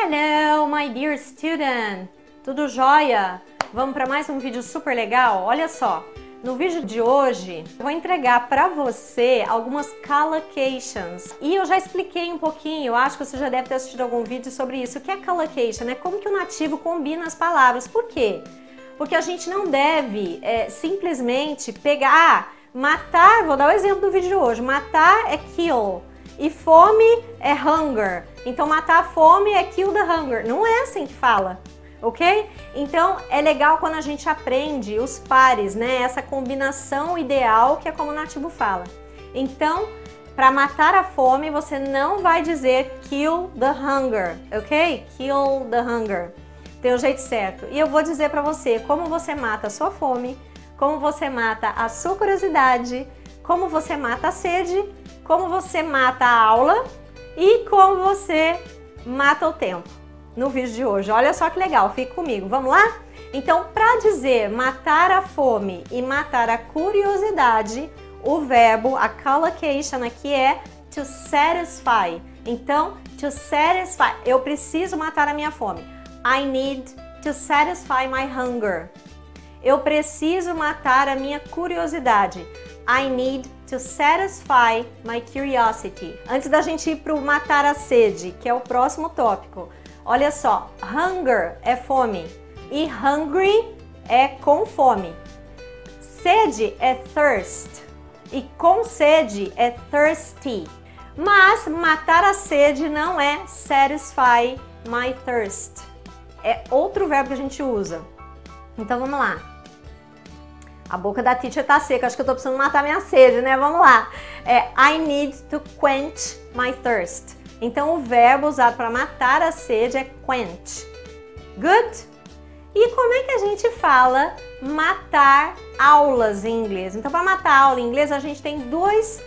Hello, my dear student! Tudo jóia? Vamos para mais um vídeo super legal? Olha só, no vídeo de hoje eu vou entregar para você algumas collocations. E eu já expliquei um pouquinho, acho que você já deve ter assistido algum vídeo sobre isso. O que é collocation? É como que o nativo combina as palavras. Por quê? Porque a gente não deve é, simplesmente pegar... Ah, matar, vou dar o exemplo do vídeo de hoje, matar é kill. E fome é hunger. Então matar a fome é kill the hunger. Não é assim que fala, ok? Então é legal quando a gente aprende os pares, né? Essa combinação ideal que é como o nativo fala. Então, para matar a fome, você não vai dizer kill the hunger, ok? Kill the hunger. Tem o um jeito certo. E eu vou dizer para você como você mata a sua fome, como você mata a sua curiosidade, como você mata a sede como você mata a aula e como você mata o tempo no vídeo de hoje. Olha só que legal, fique comigo, vamos lá? Então, para dizer matar a fome e matar a curiosidade, o verbo, a collocation aqui é to satisfy. Então, to satisfy, eu preciso matar a minha fome. I need to satisfy my hunger. Eu preciso matar a minha curiosidade. I need to satisfy my curiosity. Antes da gente ir para o matar a sede, que é o próximo tópico. Olha só, hunger é fome e hungry é com fome. Sede é thirst e com sede é thirsty. Mas matar a sede não é satisfy my thirst. É outro verbo que a gente usa. Então vamos lá. A boca da teacher tá seca, acho que eu tô precisando matar minha sede, né? Vamos lá. É I need to quench my thirst. Então o verbo usado para matar a sede é quench. Good? E como é que a gente fala matar aulas em inglês? Então para matar aula em inglês a gente tem dois,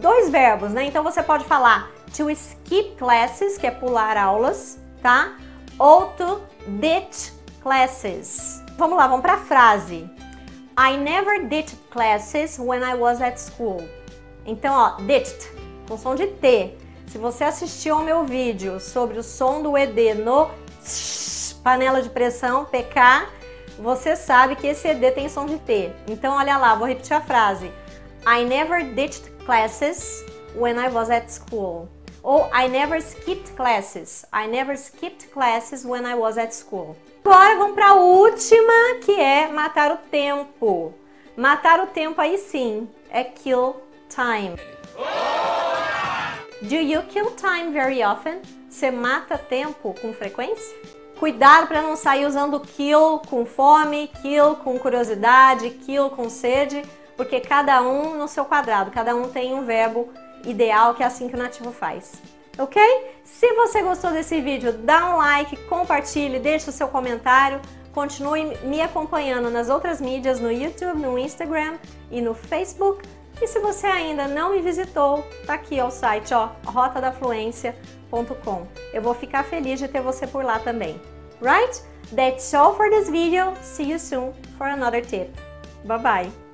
dois verbos, né? Então você pode falar to skip classes, que é pular aulas, tá? Ou to ditch classes. Vamos lá, vamos para a frase. I never ditched classes when I was at school. Então, ó, ditched, com som de T. Se você assistiu ao meu vídeo sobre o som do ED no panela de pressão, PK, você sabe que esse ED tem som de T. Então, olha lá, vou repetir a frase. I never ditched classes when I was at school. Ou I never skipped classes. I never skipped classes when I was at school. Agora vamos para a última, que é matar o tempo. Matar o tempo aí sim é kill time. Do you kill time very often? Você mata tempo com frequência? Cuidado para não sair usando kill com fome, kill com curiosidade, kill com sede, porque cada um no seu quadrado, cada um tem um verbo ideal, que é assim que o nativo faz. Ok? Se você gostou desse vídeo, dá um like, compartilhe, deixe o seu comentário, continue me acompanhando nas outras mídias, no YouTube, no Instagram e no Facebook. E se você ainda não me visitou, tá aqui ó, o site, ó, rotadafluência.com. Eu vou ficar feliz de ter você por lá também. Right? That's all for this video. See you soon for another tip. Bye bye.